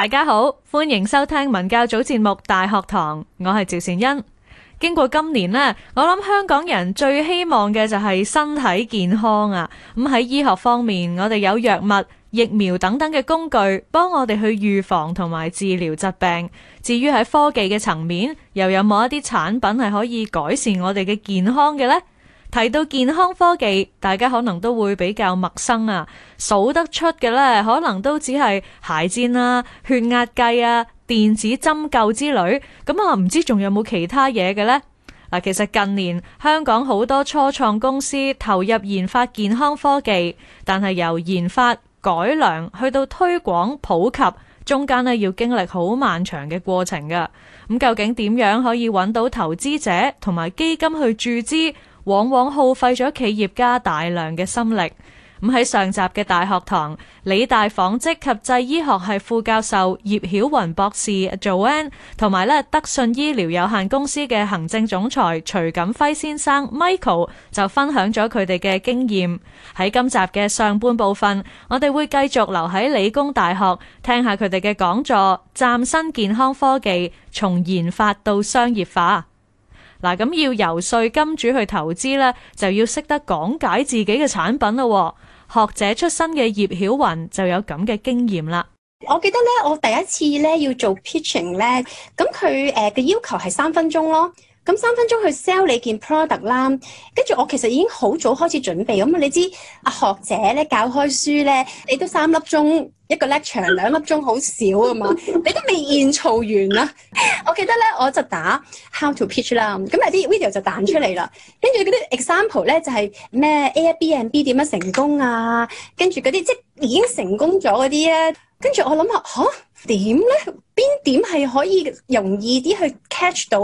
大家好，歡迎收聽文教組節目《大學堂》，我係趙善恩。經過今年呢，我諗香港人最希望嘅就係身體健康啊！咁喺醫學方面，我哋有藥物、疫苗等等嘅工具，幫我哋去預防同埋治療疾病。至於喺科技嘅層面，又有冇一啲產品係可以改善我哋嘅健康嘅呢？提到健康科技，大家可能都會比較陌生啊。數得出嘅咧，可能都只係鞋墊啊、血壓計啊、電子針灸之類。咁、嗯、啊，唔知仲有冇其他嘢嘅咧嗱？其實近年香港好多初創公司投入研發健康科技，但係由研發改良去到推廣普及，中間咧要經歷好漫長嘅過程噶，咁、嗯、究竟點樣可以揾到投資者同埋基金去注資。往往耗費咗企業家大量嘅心力。咁喺上集嘅大學堂，理大紡織及製醫學系副教授葉曉雲博士 Joanne，同埋咧德信醫療有限公司嘅行政總裁徐錦輝先生 Michael 就分享咗佢哋嘅經驗。喺今集嘅上半部分，我哋會繼續留喺理工大學聽下佢哋嘅講座，嶄新健康科技從研發到商業化。嗱，咁要遊說金主去投資咧，就要識得講解自己嘅產品咯。學者出身嘅葉曉雲就有咁嘅經驗啦。我記得咧，我第一次咧要做 pitching 咧，咁佢誒嘅要求係三分鐘咯。咁三分鐘去 sell 你件 product 啦，跟住我其實已經好早開始準備。咁、嗯、你知阿學者咧教開書咧，你都三粒鐘一個 lecture，兩粒鐘好少啊嘛， 你都未練燥完啦。 我記得咧，我就打 how to pitch 啦，咁有啲 video 就彈出嚟啦，跟住嗰啲 example 咧就係、是、咩 Airbnb 點樣成功啊，跟住嗰啲即係已經成功咗嗰啲咧，跟住我諗下，吓，點咧？邊點係可以容易啲去 catch 到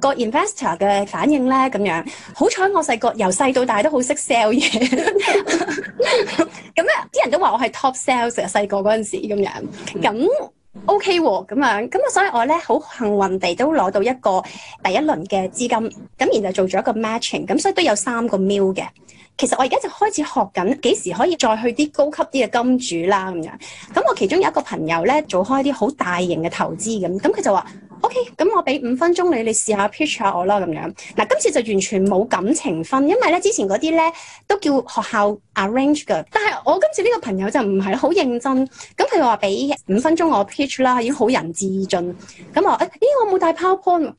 個 investor 嘅反應呢？咁樣，好彩我細個由細到大都好識 sell 嘢，咁咧啲人都話我係 top sales 細個嗰陣時咁樣，咁 OK 喎咁樣，咁啊、okay、所以我咧好幸運地都攞到一個第一輪嘅資金，咁然之後做咗一個 matching，咁所以都有三個 mil 嘅。其實我而家就開始學緊，幾時可以再去啲高級啲嘅金主啦咁樣。咁我其中有一個朋友咧，做開啲好大型嘅投資咁，咁佢就話：OK，咁我俾五分鐘你，你試下 pitch 下我啦咁樣。嗱，今次就完全冇感情分，因為咧之前嗰啲咧都叫學校 arrange 㗎。但係我今次呢個朋友就唔係好認真。咁佢話俾五分鐘我 pitch 啦，已經好仁至義盡。咁話誒，咦我冇帶 PowerPoint，PowerPoint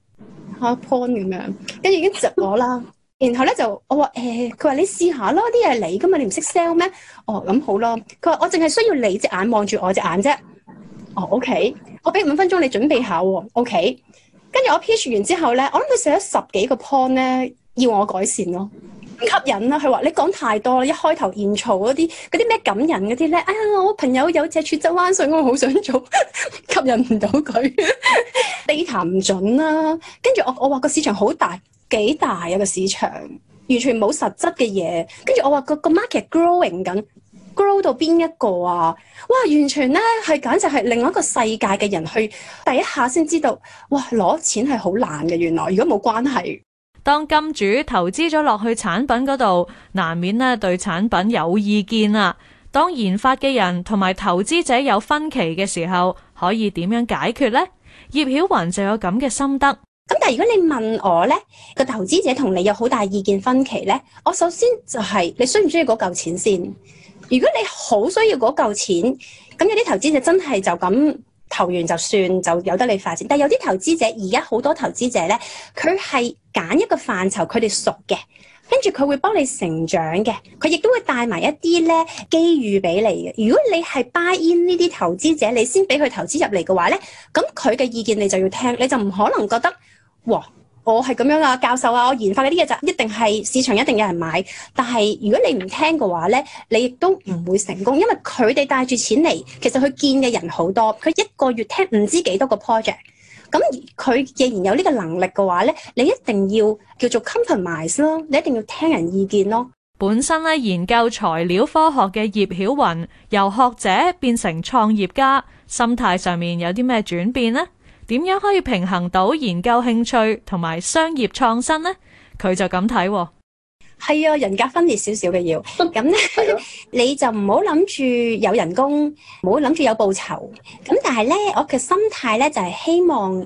咁樣，跟住 已經窒我啦。 然後咧就我話誒，佢、欸、話你試下咯，啲嘢係你噶嘛，你唔識 sell 咩？哦咁、嗯、好咯，佢話我淨係需要你隻眼望住我隻眼啫。哦，OK，我俾五分鐘你準備下喎，哦，OK。跟住我 pitch 完之後咧，我諗佢寫咗十幾個 point 咧，要我改善咯，哦。吸引啦，啊，佢話你講太多啦，一開頭言曹嗰啲嗰啲咩感人嗰啲咧，哎呀，我朋友有脊柱側彎，我好想做， 吸引唔到佢 data 唔準啦，啊。跟住我我話個市場好大。幾大一個市場，完全冇實質嘅嘢。跟住我話個個 market growing 緊，grow 到邊一個啊？哇！完全呢係簡直係另外一個世界嘅人去第一下先知道，哇！攞錢係好難嘅，原來如果冇關係，當金主投資咗落去產品嗰度，難免呢對產品有意見啊。當研發嘅人同埋投資者有分歧嘅時候，可以點樣解決呢？葉曉雲就有咁嘅心得。咁但係如果你問我咧，個投資者同你有好大意見分歧咧，我首先就係，你需唔需要嗰嚿錢先？如果你好需要嗰嚿錢，咁有啲投資者真係就咁投完就算，就有得你發展。但係有啲投資者，而家好多投資者咧，佢係揀一個範疇佢哋熟嘅，跟住佢會幫你成長嘅，佢亦都會帶埋一啲咧機遇俾你嘅。如果你係 buy in 呢啲投資者，你先俾佢投資入嚟嘅話咧，咁佢嘅意見你就要聽，你就唔可能覺得。哇！我係咁樣啊，教授啊，我研發嗰啲嘢就一定係市場一定有人買。但係如果你唔聽嘅話呢，你亦都唔會成功，因為佢哋帶住錢嚟，其實佢見嘅人好多，佢一個月聽唔知幾多個 project。咁佢既然有呢個能力嘅話呢，你一定要叫做 compromise 咯，你一定要聽人意見咯。本身咧研究材料科學嘅葉曉雲，由學者變成創業家，心態上面有啲咩轉變呢？點樣可以平衡到研究興趣同埋商業創新呢？佢就咁睇，係啊，人格分裂少少嘅。要咁咧，你就唔好諗住有人工，唔好諗住有報酬咁。但係咧，我嘅心態咧就係希望。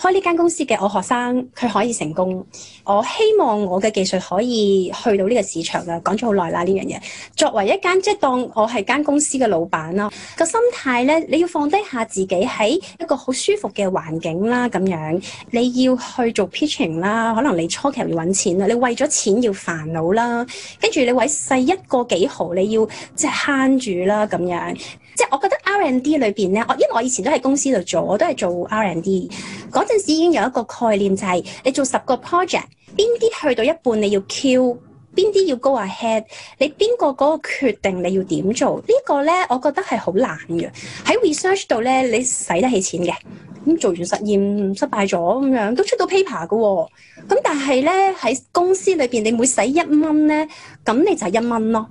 開呢間公司嘅我學生佢可以成功，我希望我嘅技術可以去到呢個市場啊！講咗好耐啦呢樣嘢，作為一間即係當我係間公司嘅老闆啦，這個心態呢，你要放低下自己喺一個好舒服嘅環境啦，咁樣你要去做 pitching 啦，可能你初期要揾錢啦，你為咗錢要煩惱啦，跟住你為細一個幾毫，你要即係慳住啦，咁樣。即係我覺得 R&D 裏邊咧，我因為我以前都喺公司度做，我都係做 R&D 嗰陣時已經有一個概念，就係你做十個 project，邊啲去到一半你要 queue，邊啲要 go ahead，你邊個嗰個決定你要點做？呢個咧我覺得係好難嘅。喺 research 度咧，你使得起錢嘅，咁做完實驗失敗咗咁樣都出到 paper 嘅喎。咁但係咧喺公司裏邊，你每使一蚊咧，咁你就係一蚊咯。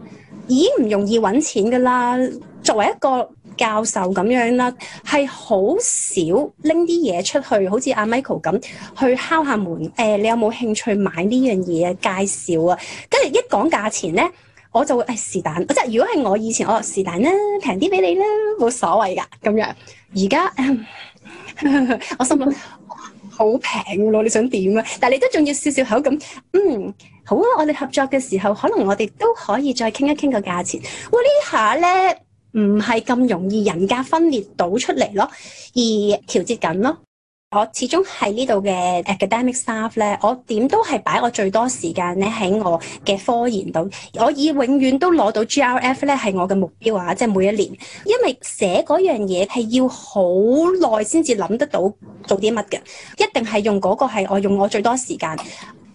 已經唔容易揾錢噶啦，作為一個教授咁樣啦，係好少拎啲嘢出去，好似阿 Michael 咁去敲下門。誒、呃，你有冇興趣買呢樣嘢介紹啊？跟住一講價錢呢，我就會誒是但，即係、哎、如果係我以前，我係是但啦，平啲俾你啦，冇所謂噶咁樣。而家、嗯、 我心諗好平咯，你想點啊？但係你都仲要笑笑口咁，嗯。好啊！我哋合作嘅時候，可能我哋都可以再傾一傾個價錢。哇！呢下咧唔係咁容易，人格分裂到出嚟咯，而調節緊咯。我始終係呢度嘅 academic staff 咧，我點都係擺我最多時間咧喺我嘅科研度。我以永遠都攞到 GRF 咧係我嘅目標啊！即係每一年，因為寫嗰樣嘢係要好耐先至諗得到做啲乜嘅，一定係用嗰個係我用我最多時間。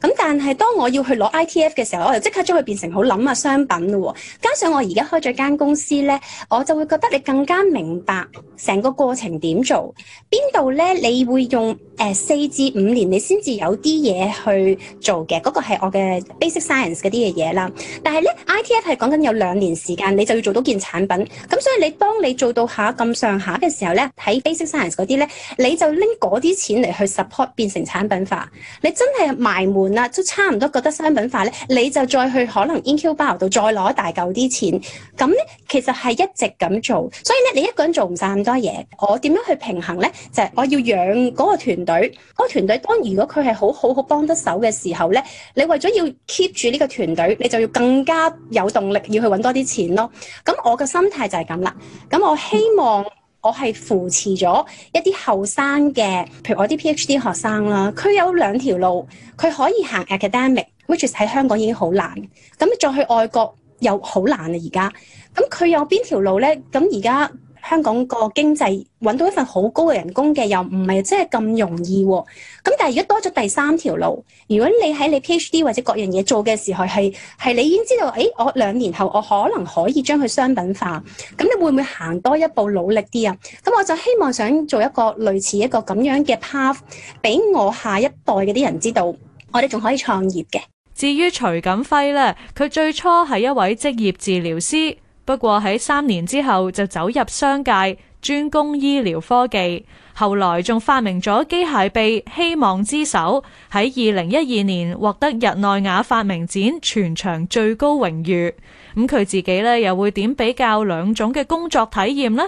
咁但係當我要去攞 ITF 嘅時候，我就即刻將佢變成好諗啊，商品咯。加上我而家開咗間公司咧，我就會覺得你更加明白成個過程點做，邊度咧？你會用誒四至五年，你先至有啲嘢去做嘅。嗰個係我嘅 basic science 啲嘅嘢啦。但係咧，ITF 係講緊有兩年時間你就要做到件產品。咁所以你當你做到下咁上下嘅時候咧，喺 basic science 啲咧，你就拎啲錢嚟去 support 變成產品化。你真係埋滿。嗱，都差唔多覺得商品化咧，你就再去可能 InQ 包度再攞大嚿啲錢，咁咧其實係一直咁做，所以咧你一個人做唔晒咁多嘢，我點樣去平衡咧？就係、是、我要養嗰個團隊，嗰、那個團隊當然如果佢係好好好幫得手嘅時候咧，你為咗要 keep 住呢個團隊，你就要更加有動力要去揾多啲錢咯。咁我嘅心態就係咁啦。咁我希望、嗯。我係扶持咗一啲後生嘅，譬如我啲 PhD 學生啦，佢有兩條路，佢可以行 academic，which is 喺香港已經好難，咁你再去外國又好難啊！而家，咁佢有邊條路咧？咁而家。香港個經濟揾到一份好高嘅人工嘅，又唔係真係咁容易喎，啊，咁但係如果多咗第三條路，如果你喺你 PhD 或者各樣嘢做嘅時候係係你已經知道，誒、哎、我兩年後我可能可以將佢商品化，咁你會唔會行多一步努力啲啊？咁我就希望想做一個類似一個咁樣嘅 path，俾我下一代嗰啲人知道，我哋仲可以創業嘅。至於徐錦輝呢，佢最初係一位職業治療師。不過喺三年之後就走入商界，專攻醫療科技。後來仲發明咗機械臂，希望之手喺二零一二年獲得日內瓦發明展全場最高榮譽。咁佢自己咧又會點比較兩種嘅工作體驗呢？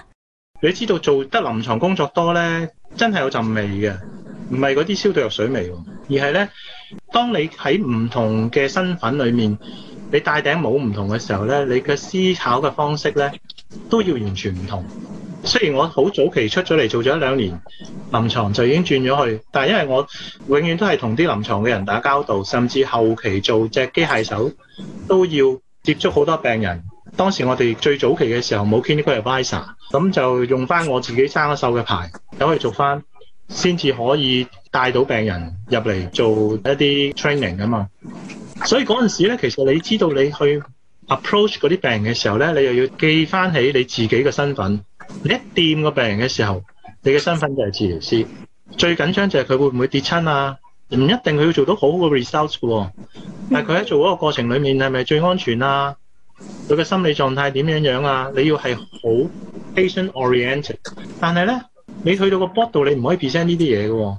你知道做得臨牀工作多咧，真係有陣味嘅，唔係嗰啲消毒藥水味，而係咧當你喺唔同嘅身份裏面。你戴頂帽唔同嘅時候咧，你嘅思考嘅方式咧都要完全唔同。雖然我好早期出咗嚟做咗一兩年臨牀，就已經轉咗去，但係因為我永遠都係同啲臨牀嘅人打交道，甚至後期做隻機械手都要接觸好多病人。當時我哋最早期嘅時候冇 clinical advisor，咁就用翻我自己生咗銹嘅牌走嚟做翻，先至可以帶到病人入嚟做一啲 training 啊嘛。所以嗰陣時咧，其實你知道你去 approach 嗰啲病嘅時候咧，你又要記翻起你自己嘅身份。你一掂個病人嘅時候，你嘅身份就係治療師。最緊張就係佢會唔會跌親啊？唔一定佢要做到好好嘅 results 嘅喎，但係佢喺做嗰個過程裡面係咪最安全啊？佢嘅心理狀態點樣樣啊？你要係好 patient oriented。但係咧，你去到個 board 度，你唔可以 present 呢啲嘢嘅喎。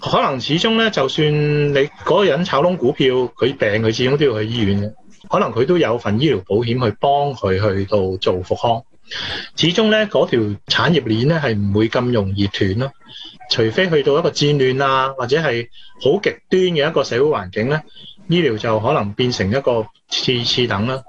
可能始終咧，就算你嗰個人炒燶股票，佢病佢始終都要去醫院嘅。可能佢都有份醫療保險去幫佢去到做復康。始終咧，嗰條產業鏈咧係唔會咁容易斷咯。除非去到一個戰亂啊，或者係好極端嘅一個社會環境咧，醫療就可能變成一個次次等啦。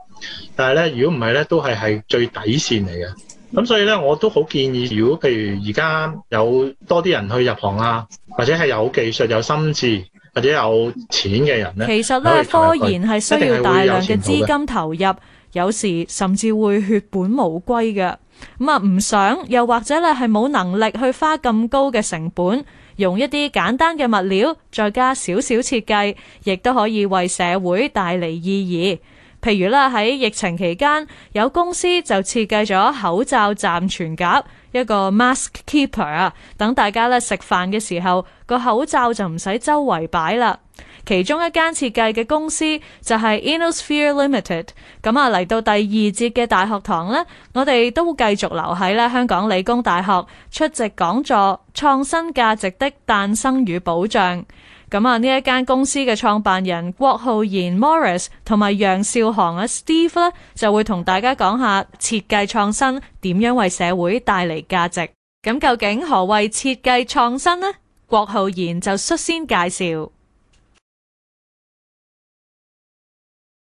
但係咧，如果唔係咧，都係係最底線嚟嘅。咁所以咧，我都好建議，如果譬如而家有多啲人去入行啊，或者係有技術、有心智或者有錢嘅人咧，其實咧，入科研係需要大量嘅資金投入，有，有時甚至會血本無歸嘅。咁啊，唔想又或者咧係冇能力去花咁高嘅成本，用一啲簡單嘅物料，再加少少設計，亦都可以為社會帶嚟意義。譬如啦，喺疫情期間，有公司就設計咗口罩暫存夾一個 mask keeper 啊，等大家咧食飯嘅時候個口罩就唔使周圍擺啦。其中一間設計嘅公司就係 Innosphere Limited。咁啊，嚟到第二節嘅大學堂呢，我哋都繼續留喺咧香港理工大學出席講座，創新價值的誕生與保障。咁啊，呢一間公司嘅創辦人郭浩然 （Morris） 同埋楊少航啊 （Steve） 咧，就會同大家講下設計創新點樣為社會帶嚟價值。咁究竟何為設計創新呢？郭浩然就率先介紹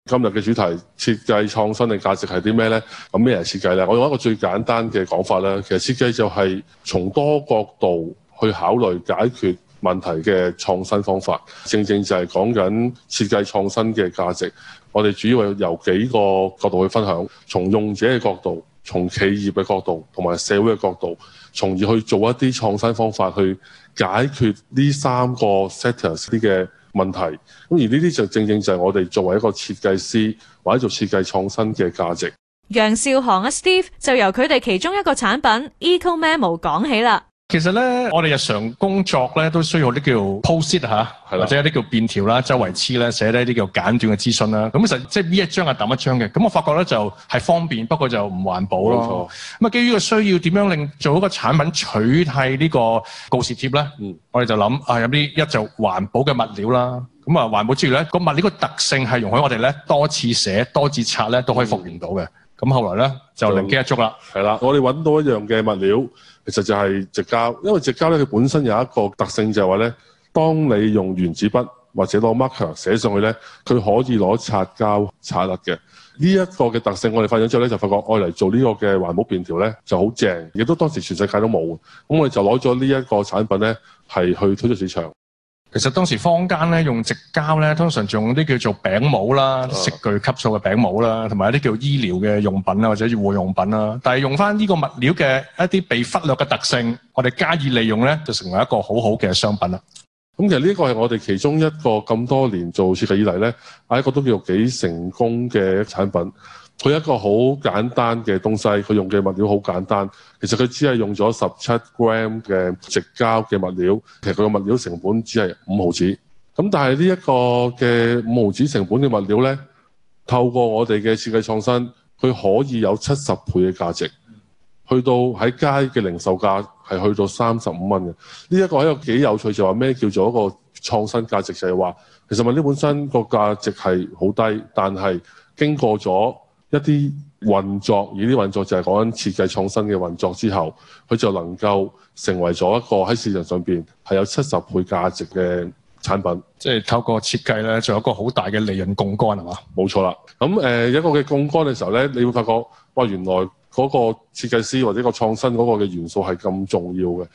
今日嘅主題：設計創新嘅價值係啲咩呢？咁咩係設計呢？我用一個最簡單嘅講法咧，其實設計就係從多角度去考慮解決。問題嘅創新方法，正正就係講緊設計創新嘅價值。我哋主要係由幾個角度去分享，從用者嘅角度、從企業嘅角度同埋社會嘅角度，從而去做一啲創新方法去解決呢三個 sector 啲嘅問題。咁而呢啲就正正就係我哋作為一個設計師或者做設計創新嘅價值。楊少航啊，Steve 就由佢哋其中一個產品 EcoMemo 講起啦。其實咧，我哋日常工作咧都需要啲叫 post-it、啊，的或者一啲叫便條啦、周圍黐咧，寫咧一啲叫簡短嘅資訊啦。咁其實即係呢一張係抌一張嘅。咁我發覺咧就係、是、方便，不過就唔環保咯。咁啊、哦，基於個需要，點樣令做好個產品取替呢個告示貼咧？嗯，我哋就諗啊，有啲一就環保嘅物料啦。咁啊，環保之餘咧，個物料個特性係容許我哋咧多次寫、多次拆咧，都可以復原到嘅。嗯咁後來咧就靈機一觸啦，係啦， 我哋揾到一樣嘅物料，其實就係直膠，因為直膠咧佢本身有一個特性就係話咧，當你用原子筆或者攞 marker 寫上去咧，佢可以攞擦膠擦甩嘅。呢一個嘅特性，我哋發現之後咧就發覺愛嚟做呢個嘅環保便條咧就好正，亦都當時全世界都冇，咁我哋就攞咗呢一個產品咧係去推出市場。其實當時坊間咧用直膠咧，通常仲有啲叫做餅模啦、食、啊、食具級數嘅餅模啦，同埋一啲叫醫療嘅用品啦，或者要護用品啦。但係用翻呢個物料嘅一啲被忽略嘅特性，我哋加以利用咧，就成為一個好好嘅商品啦。咁、嗯、其實呢一個係我哋其中一個咁多年做設計以嚟咧，係一個都叫做幾成功嘅產品。佢一個好簡單嘅東西，佢用嘅物料好簡單。其實佢只係用咗十七 gram 嘅直膠嘅物料，其實佢個物料成本只係五毫子。咁但係呢一個嘅五毫子成本嘅物料呢，透過我哋嘅設計創新，佢可以有七十倍嘅價值，去到喺街嘅零售價係去到三十五蚊嘅。呢一個係一個幾有趣，就話咩叫做一個創新價值，就係話其實物料本身個價值係好低，但係經過咗一啲運作，而啲運作就係講緊設計創新嘅運作之後，佢就能夠成為咗一個喺市場上邊係有七十倍價值嘅產品，即係透過設計呢，仲有一個好大嘅利潤槓桿係嘛？冇錯啦。咁誒、呃，一個嘅槓桿嘅時候呢，你會發覺哇，原來嗰個設計師或者個創新嗰個嘅元素係咁重要嘅。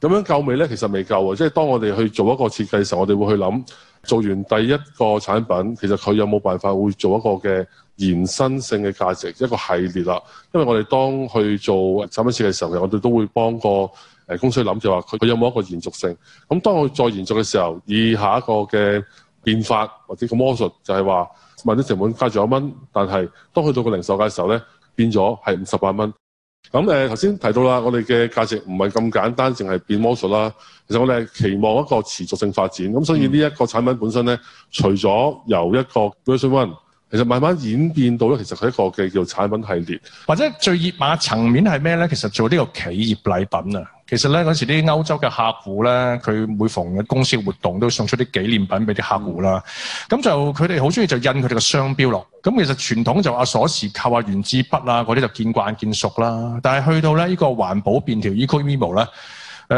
咁樣夠未呢，其實未夠啊！即係當我哋去做一個設計嘅時候，我哋會去諗。做完第一個產品，其實佢有冇辦法會做一個嘅延伸性嘅價值，一個系列啦？因為我哋當去做產品設計嘅時候，我哋都會幫個誒公司諗，就話佢佢有冇一個延續性？咁當佢再延續嘅時候，以下一個嘅變化，或者個魔術，就係話賣啲成本加咗一蚊，但係當去到個零售價嘅時候呢，變咗係五十萬蚊。咁誒頭先提到啦，我哋嘅價值唔係咁簡單，淨係變魔術啦。其實我哋係期望一個持續性發展。咁所以呢一個產品本身咧，除咗由一個 Version One，其實慢慢演變到咗，其實係一個嘅叫產品系列，或者最熱門嘅層面係咩咧？其實做呢個企業禮品啊。其實咧嗰時啲歐洲嘅客戶咧，佢每逢嘅公司活動都送出啲紀念品俾啲客戶啦。咁就佢哋好中意就印佢哋嘅商標咯。咁其實傳統就話鎖匙扣啊、原子筆啊嗰啲就見慣見熟啦。但係去到咧呢個環保便條 EcoMemo 咧，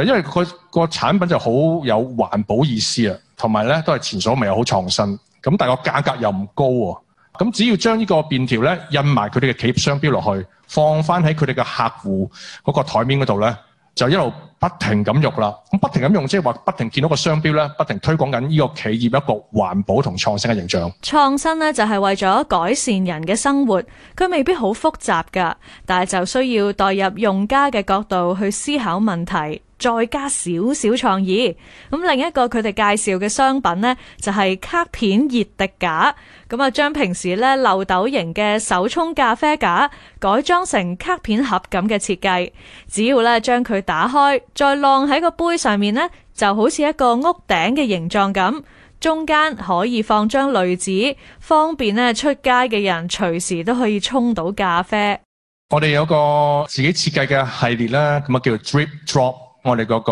誒因為佢個產品就好有環保意思啊，同埋咧都係前所未有好創新。咁但係個價格又唔高喎。咁只要將呢個便條咧印埋佢哋嘅企業商標落去，放翻喺佢哋嘅客戶嗰個台面嗰度咧。就一路不停咁用啦，不停咁用，即係話不停見到個商標咧，不停推廣緊呢個企業一個環保同創新嘅形象。創新咧就係為咗改善人嘅生活，佢未必好複雜噶，但係就需要代入用家嘅角度去思考問題。再加少少創意咁，另一個佢哋介紹嘅商品呢，就係卡片熱滴架咁啊。將平時呢漏斗型嘅手沖咖啡架改裝成卡片盒咁嘅設計，只要呢將佢打開，再晾喺個杯上面呢，就好似一個屋頂嘅形狀咁，中間可以放張濾紙，方便呢出街嘅人隨時都可以沖到咖啡。我哋有個自己設計嘅系列啦，咁啊叫做 Drip Drop。我哋嗰個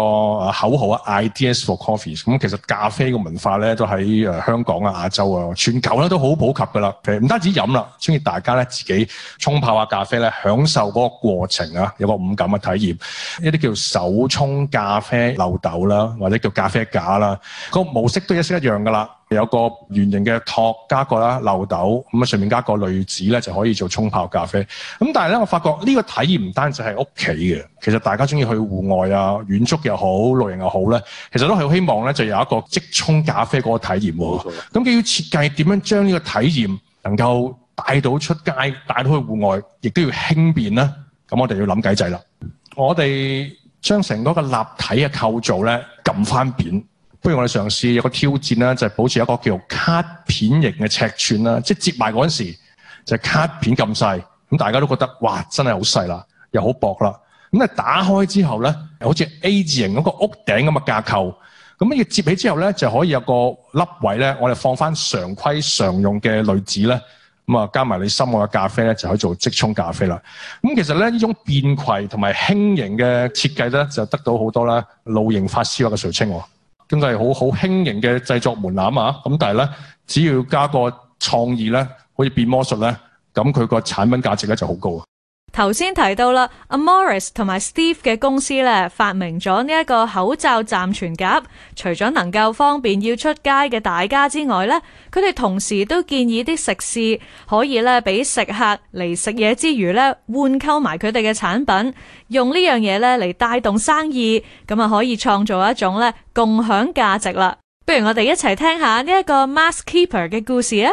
口號啊，Ideas for Coffee。咁其實咖啡個文化咧，都喺誒香港啊、亞洲啊、全球咧都好普及㗎啦。誒唔單止飲啦，鍾意大家咧自己沖泡下咖啡咧，享受嗰個過程啊，有個五感嘅體驗。一啲叫手沖咖啡、漏斗啦，或者叫咖啡架啦，個模式都一式一樣㗎啦。有個圓形嘅托加個啦漏斗，咁啊上面加個濾紙咧，就可以做沖泡咖啡。咁但係咧，我發覺呢個體驗唔單止係屋企嘅，其實大家中意去戶外啊、遠足又好、露營又好咧，其實都係好希望咧，就有一個即沖咖啡嗰個體驗。咁要、嗯、設計點樣將呢個體驗能夠帶到出街、帶到去戶外，亦都要輕便啦。咁我哋要諗計仔啦。嗯、我哋將成個個立體嘅構造咧，撳翻扁。不如我哋嘗試有個挑戰啦，就係保持一個叫卡片型嘅尺寸啦。即係接埋嗰陣時，就係卡片咁細，咁大家都覺得哇，真係好細啦，又好薄啦。咁啊，打開之後咧，好似 A 字形嗰個屋頂咁嘅架構。咁啊，接起之後咧，就可以有個凹位咧，我哋放翻常規常用嘅濾紙咧，咁啊，加埋你心愛嘅咖啡咧，就可以做即沖咖啡啦。咁其實咧，呢種便攜同埋輕型嘅設計咧，就得到好多啦露營發燒嘅垂青。咁就係好好輕盈嘅製作門檻啊！咁但係呢，只要加個創意呢，可以變魔術呢，咁佢個產品價值呢就好高啊。頭先提到啦，阿 Morris 同埋 Steve 嘅公司咧，發明咗呢一個口罩暫存夾，除咗能夠方便要出街嘅大家之外咧，佢哋同時都建議啲食肆可以咧，俾食客嚟食嘢之餘咧，換購埋佢哋嘅產品，用呢樣嘢咧嚟帶動生意，咁啊可以創造一種咧共享價值啦。不如我哋一齊聽下呢一個 Mask Keeper 嘅故事啊！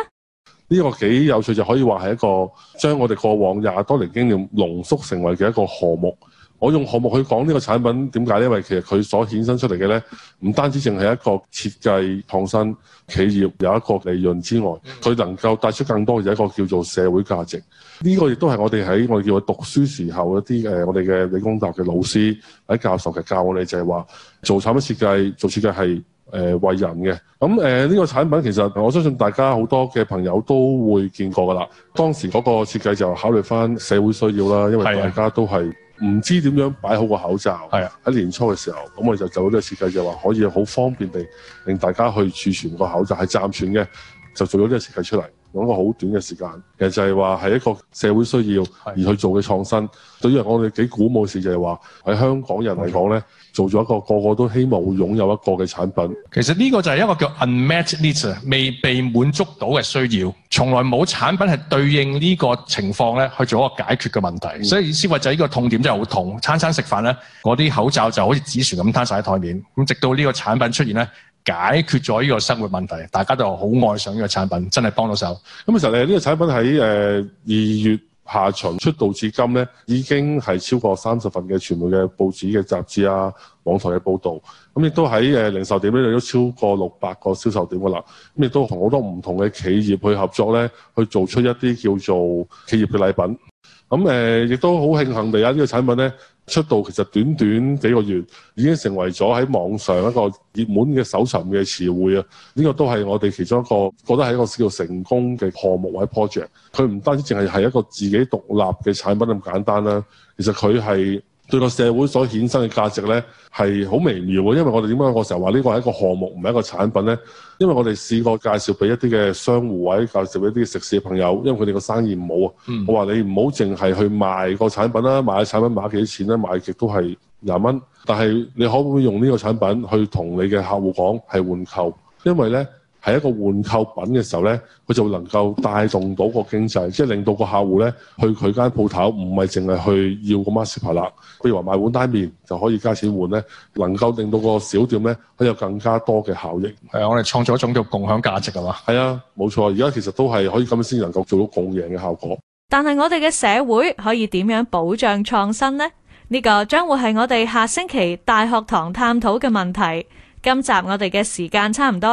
呢個幾有趣，就可以話係一個將我哋過往廿多年經驗濃縮成為嘅一個項目。我用項目去講呢個產品點解？因為其實佢所衍生出嚟嘅呢，唔單止淨係一個設計創新企業有一個利潤之外，佢能夠帶出更多嘅一個叫做社會價值。呢、這個亦都係我哋喺我哋叫佢讀書時候一啲誒、呃、我哋嘅理工大學嘅老師喺、嗯、教授嘅教我哋就係話，做產品設計做設計係。誒、呃、為人嘅，咁誒呢個產品其實我相信大家好多嘅朋友都會見過㗎啦。當時嗰個設計就考慮翻社會需要啦，因為大家都係唔知點樣擺好個口罩。係喺年初嘅時候，咁我哋就做咗啲設計，就話可以好方便地令大家去儲存個口罩，係暫存嘅，就做咗啲設計出嚟。講個好短嘅時間，其實就係話係一個社會需要而去做嘅創新。是對於我哋幾鼓舞嘅事就係話，喺香港人嚟講咧，嗯、做咗一個，個個個都希望會擁有一個嘅產品。其實呢個就係一個叫 unmet needs 未被滿足到嘅需要，從來冇產品係對應呢個情況咧去做一個解決嘅問題。嗯、所以意思話就係呢個痛點真係好痛，餐餐食飯咧，嗰啲口罩就好似紙船咁攤晒喺台面。咁直到呢個產品出現咧。解決咗呢個生活問題，大家都好愛上呢個產品，真係幫到手。咁其實咧，呢個產品喺誒二月下旬出道至今，咧，已經係超過三十份嘅傳媒嘅報紙嘅雜誌啊、網台嘅報導。咁、嗯、亦都喺誒、呃、零售點呢度都超過六百個銷售點噶啦。咁亦都同好多唔同嘅企業去合作咧，去做出一啲叫做企業嘅禮品。咁、嗯、誒，亦、呃、都好慶幸地，喺、這、呢個產品咧。出道其實短短幾個月已經成為咗喺網上一個熱門嘅搜尋嘅詞彙啊！呢個都係我哋其中一個覺得係一個叫做成功嘅項目或者 project。佢唔單止淨係係一個自己獨立嘅產品咁簡單啦，其實佢係，對個社會所衍生嘅價值咧係好微妙嘅，因為我哋點解我成日話呢個係一個項目唔係一個產品咧？因為我哋試過介紹俾一啲嘅商戶或者介紹俾一啲食肆嘅朋友，因為佢哋個生意唔好啊。嗯、我話你唔好淨係去賣個產品啦，賣產品賣幾多錢咧？賣極都係廿蚊，但係你可唔可以用呢個產品去同你嘅客戶講係換購？因為咧。係一個換購品嘅時候呢，佢就能夠帶動到個經濟，即係令到個客戶呢，去佢間鋪頭，唔係淨係去要個 master 牌啦。譬如話買碗拉麵就可以加錢換呢，能夠令到個小店呢，佢有更加多嘅效益。係啊，我哋創造一種叫共享價值嘅嘛。係啊，冇錯。而家其實都係可以咁樣先能夠做到共贏嘅效果。但係我哋嘅社會可以點樣保障創新呢？呢個將會係我哋下星期大學堂探討嘅問題。今集我哋嘅時間差唔多。